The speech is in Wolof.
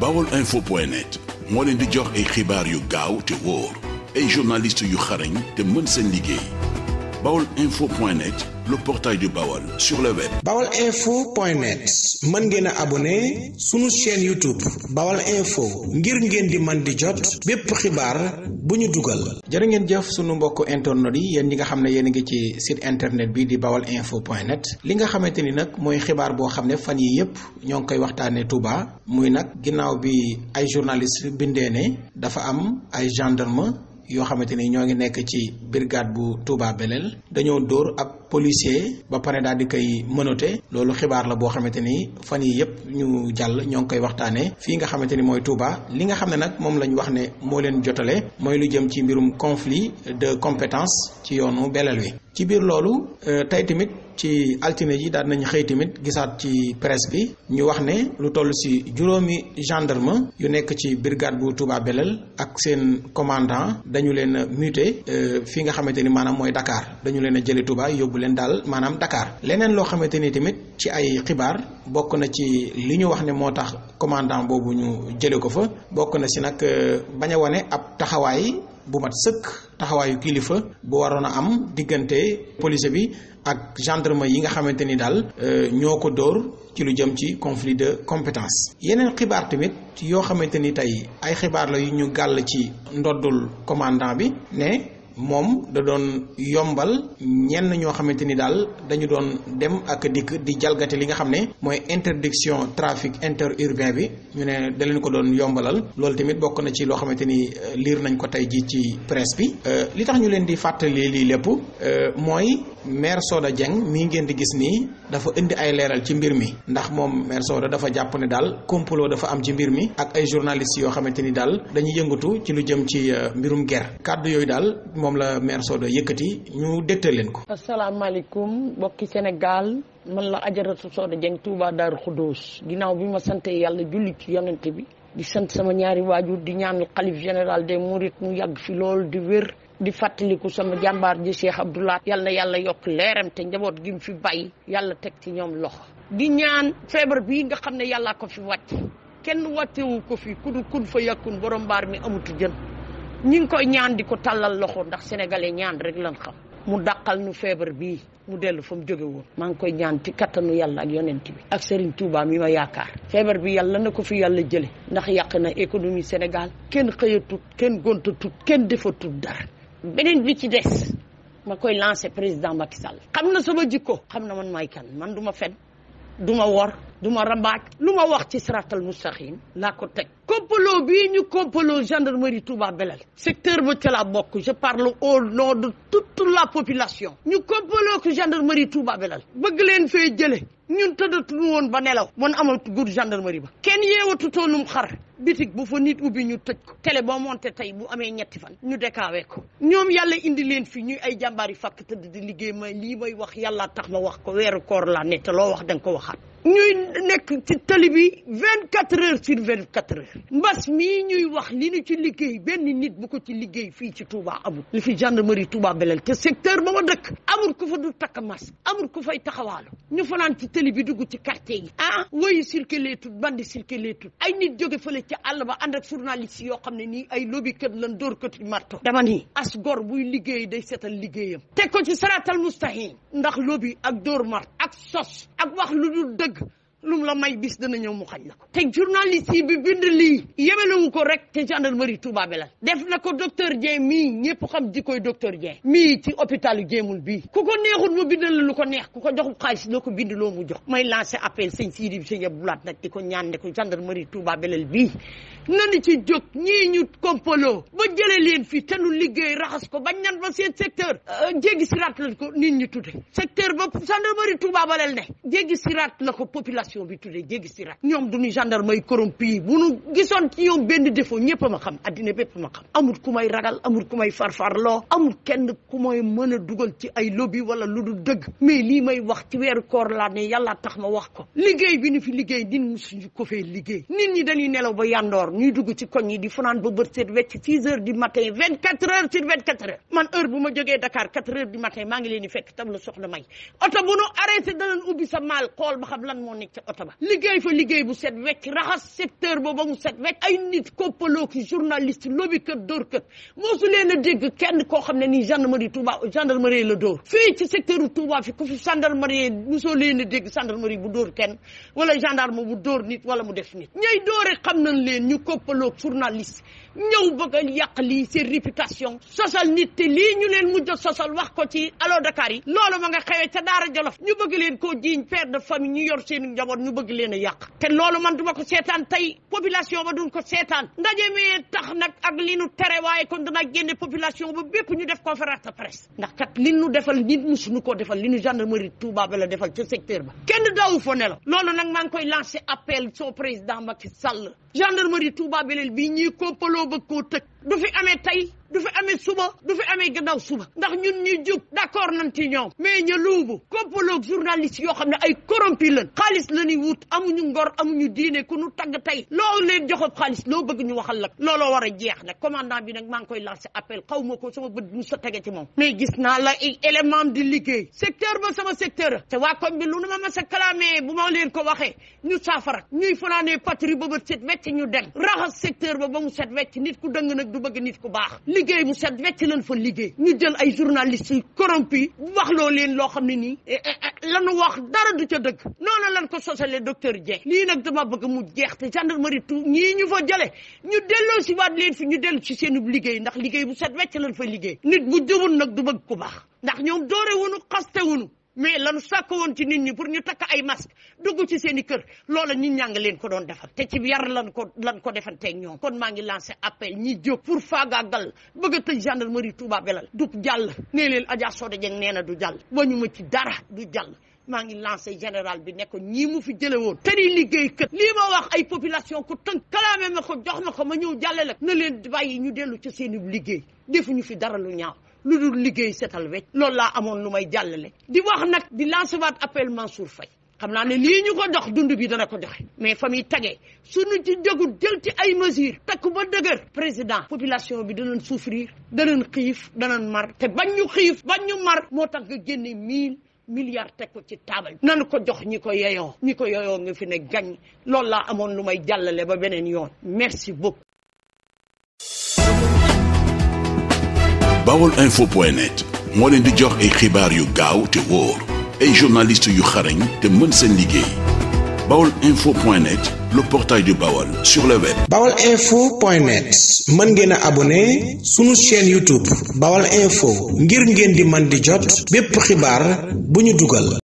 bawol info point moo leen di jox ay xibaar yu gaaw te wóor ay journaliste yu xarañ te mën seen liggéey bawol info point net le portail du Baol sur le web. baolinfo.net mën ngeen a abonné sunu chaîne YouTube Baol Info ngir ngeen di man di jot bépp xibaar bu ñu dugal. jërë ngeen jëf suñu mbokku internet yi yéen ñi nga xam ne yéen a ngi ci site internet bi di baolinfo.net li nga xamante ni nag mooy xibaar boo xam ne fan yii yëpp ñoo ngi koy waxtaanee Touba muy nag ginnaaw bi ay journaliste bindee ne dafa am ay gendarme yoo xamante ni ñoo ngi nekk ci brigade bu Touba Belel dañoo dóor ab policier ba pare daal di koy mënote loolu xibaar la boo xamante ni fan yii yëpp ñu jàll ñoo ngi koy waxtaanee fii nga xamante ni mooy Touba li nga xam ne nag moom lañ wax ne moo leen jotale mooy lu jëm ci mbirum conflit de compétence ci yoonu Belel wi ci biir loolu euh, tey tamit ci altine ji daal nañu xëy tamit gisaat ci presse bi ñu wax ne lu toll si juróomi gendarme yu nekk ci brigade bu Touba Belel ak seen commandant dañu leen a muté euh, fi nga xamante ni maanaam mooy dakaar dañu leen a jëlee Touba yóbbu leen daal maanaam Dakar leneen loo xamante ni tamit ci ay xibaar bokk na ci li ñu wax ne moo tax commandant boobu ñu jëlee ko fa bokk na si nag euh, bañ a wane ab taxawaay. bu mat sëkk taxawaayu kilifa bu waroon a am diggante police bi ak gendarme yi nga xamante ni daal euh, ñoo ko dóor ci lu jëm ci conflit de compétence yeneen xibaar tamit yoo xamante ni tey ay xibaar la yu ñu gàll ci ndoddul commandant bi ne moom da doon yombal ñenn ñoo xamante ni daal dañu doon dem ak dikk di jalgati li nga xam ne mooy interdiction trafic interurbain bi ñu ne da leen ko doon yombalal loolu tamit bokk na ci loo xamante ni euh, liir nañ ko tey ji ci presse bi euh, li tax ñu leen di fàttali lii lépp euh, mooy maire Soda Dieng mii ngeen di gis nii dafa indi ay leeral ci mbir mi ndax moom maire Soda dafa jàpp ne daal complot dafa am ci mbir mi ak ay journalistes yoo xamante ni daal dañuy yëngatu ci lu jëm ci euh, mbirum ger kàddu yooyu daal moom la maire Soda yëkkati ñu dégtal leen ko. asalaamaaleykum mbokki Sénégal. man la ajaratu Soda Dieng Touba Darou Khoudoss ginnaaw bi ma sante yàlla julli ci yonent bi di sant sama ñaari waajur di ñaan xalif général des mourides mu yàgg fi lool di wér di fàttaliku sama jàmbaar ji Cheikh Abdoulaye yal na yàlla yokk leeram te njaboot gi mu fi bàyyi yàlla teg ci ñoom loxo di ñaan feebar bii nga xam ne yàllaa ko fi wàcc kenn wàccewu ko fi ku kun fo yàkkun borom mbaar mi amutu jën ñi ngi koy ñaan di ko tàllal loxo ndax sénégalais ñaan rek na xam mu dàqal nu feebar bi mu dellu fa mu jóge woon maa ngi koy ñaan ci kattanu yàlla ak yonent bi ak Serigne Touba mi ma yaakaar feebar bi yàlla na ko fi yàlla jële ndax yàq na économie Sénégal kenn xëyatut kenn gontatut kenn defatut dara beneen bi ci des ma koy lancé président Macky Sall xam na sama jikko xam na man may kan man du ma fen du ma wor du ma rambaaj lu ma wax ci siratal mustaqim laa ko teg complot bii ñu complot gendarmerie Touba Belel secteur ba ca la bokk je parle au nom de toute la population ñu complot ko gendarmerie Touba Belel bëgg leen fee jële ñun tëddatuñu woon ba nelaw man amal guur gendarmerie ba kenn yee yeewatu toonum xar bitig bu fa nit ubbi ñu tëj ko télé boo monté tey bu amee ñetti fan ñu dekaawee ko ñoom yàlla indi leen fi ñuy ay jàmbaar yi fàkk tëdd di liggéey may lii may wax yàlla tax ma wax ko weeru koor laa ne te wax danga ko waxaat ñuy nekk ci tali bi vingt quatre heures sur vingt quatre heures mbas mii ñuy wax li ñu ci liggéey benn nit bu ko ci liggéey fii ci Touba amul li fi gendarmerie Touba Belel te secteur ba ma dëkk amul ku fa du takk masque amul ku fay taxawaalu ñu fanaan ci tali bi dugg ci quartier yi ah woyu circulé tut bandi circulé tut ay nit jóge fale ci àll ba ànd ak journaliste yoo xam ne nii ay lobby la lan dóor kët marto dama nii as gor buy liggéey day seetal liggéeyam teg ko ci saratal mustahim ndax lobby ak dóor mart ak sos ak wax bëgg lu mu la may bis dana ñëw mu xañ la ko te journaliste yi bi bind lii yemelewu ko rek te gendarmerie Touba bi la def na ko docteur Dieng mii ñëpp xam di koy docteur jee mii ci hôpitalu jéemul bii ku ko neexut mu bindal la lu ko neex ku ko joxul xaalis doo ko bind loo mu jox may lancé appel sëñ Sidi bi sëñ Abdoulaat nag di ko ñaan ne ko gendarmerie Touba Belel bii nanu ci jóg ñii ñu kompaloo ba jëlee leen fii te nu liggéey raxas ko bañ nan ba seen secteur euh, jéggi siraat lañ ko nit ñi tudde secteur ba gendarmerie Touba Belel ne jéggi siraat la population bi tuddee jéggi si rak ñoom duñu gendarme yi corrompu yi gisoon ci ñoom benn défaut ñëpp a ma xam addina bépp ma xam amul ku may ragal amul ku may farfarloo amul kenn ku may mën a dugal ci ay lobby wala lu du dëgg mais lii may wax ci weeru koor laa ne yàlla tax ma wax ko liggéey bi nu fi liggéey nit musuñu ko fee liggéey nit ñi dañuy nelaw ba yandoor ñuy dugg ci ko yi di fanaan ba bët seet wecc six heures du matin vingt quatre heures sur vingt quatre leen di fekk tam la soxna may oto ca oto ba liggéey fa liggéey bu set wecc raxas secteur booba mu set wecc ay nit koppalooki journaliste lobby kët dóor kët moosu leen a dégg kenn koo xam ne nii gendarmerie Touba gendarmerie la dóor fii ci secteur Touba fi ku fi gendarmerie mosoo leen a dégg gendarmerie bu dóor kenn wala gendarme bu dóor nit wala mu def nit ñay doore xam nañ leen ñu koppaloog journaliste ñëw bëgg a yàq lii seen réputation sosal nit te lii ñu leen mujj a sosal wax ko ci Allo Dakar njaboot ñu bëgg leen yàq te loolu man duma ko seetaan tey population ba duñ ko seetaan ndaje mi tax nag ak li nu tere waaye kon danaa génne population ba bépp ñu def conférence de presse ndax kat li nu defal nit musuñu koo defal li nu gendarmerie Touba ba la defal ca secteur ba kenn daawu fo ne la loolu nag maa ngi koy lancé appel son président Macky Sall gendarmerie Touba beleel bii ñuy koppaloo bëgg koo tëj du fi amee tey du fi amee suba du fi amee gannaaw suba ndax ñun ñu jub d'accord nañ ci ñoom mais ñu luubu koppaloog journaliste yoo xam ne ay corrompi lañ xaalis la ñuy wut amuñu ngor amuñu diine ku nu tagg tey loo leen joxob xaalis loo bëgg ñu waxal la looloo war a jeex nag commandant bi nag maa ngi koy lancer appel xaw ma ko sama bët mu sa tege ci moom mais gis naa la ay di liggéey secteur ba sama secteur te waa koñ bi lu nu ma ma sa clamé ma leen ko waxee ñu saafara ñuy fanaanee patrie ba ba set wecc ñu dem raxas secteur ba ba mu set wecc nit ku dëng nag du bëgg nit ku baax liggéey bu set wecc lañ fa liggéey ñu jël ay journalistes yu bu wax loo leen loo xam ne nii lan eh, eh, eh, lanu wax dara du ca dëgg noonu lan ko sosalee docteur jee lii nag dama bëgg mu jeex te gendarmerie tout ñii ñu fo jële ñu delloo si waat leen fi ñu dellu si seen liggéey ndax liggéey bu set wecc lañ fa liggéey nit bu jubul nag du bëgg ko baax ndax ñoom doore wunu xaste wunu mais lanu sàkk woon ci nit ñi pour ñu takk ay masque dugg ci seeni kër loola nit ñaa leen ko doon defal te ci bi yar lan ko lan ko defanteeg ñoom kon maa ngi lancé appel ñi jóg pour faagaagal bëgg a tëj gendarmerie Touba Belal du jàll nee leen Adja Soda Dieng nee na du jàll ba ñu ma ci dara du jàll maa ngi lancé général bi ne ñii mu fi jële woon te di liggéey kët lii ma wax ay population ko tënk kalaame ma ko jox ma ko ma ñëw jàlle la na leen bàyyi ñu dellu ci seen liggéey defuñu fi dara lu ñaaw lu dul liggéey setal wecc loolu laa amoon lu may jàllale di wax nag di lancé waat appel Mansour Faye xam naa ne lii ñu ko dox dund bi dana ko joxe mais fa muy tagee suñu ci jógul jël ci ay mesures takk ba dëgër président population bi danañ souffrir danañ xiif danañ mar te bañ ñu xiif bañ ñu mar moo tax nga génne mille milliards teg ko ci taabal nanu ko jox ñi ko yeyoo ñi ko yeyoo nga fi ne gañ loolu laa amoon lu may jàllale ba beneen yoon merci beaucoup bawol info point net moo leen di jox xibaar yu gaaw te wóor ay journalistes yu xarañ te mën seen liggéey bawol info point net le portail du Baol sur le web. Baol point net mën ngeen a abonné sunu chaîne YouTube Baol info ngir ngeen di man di jot bépp xibaar bu ñu dugal.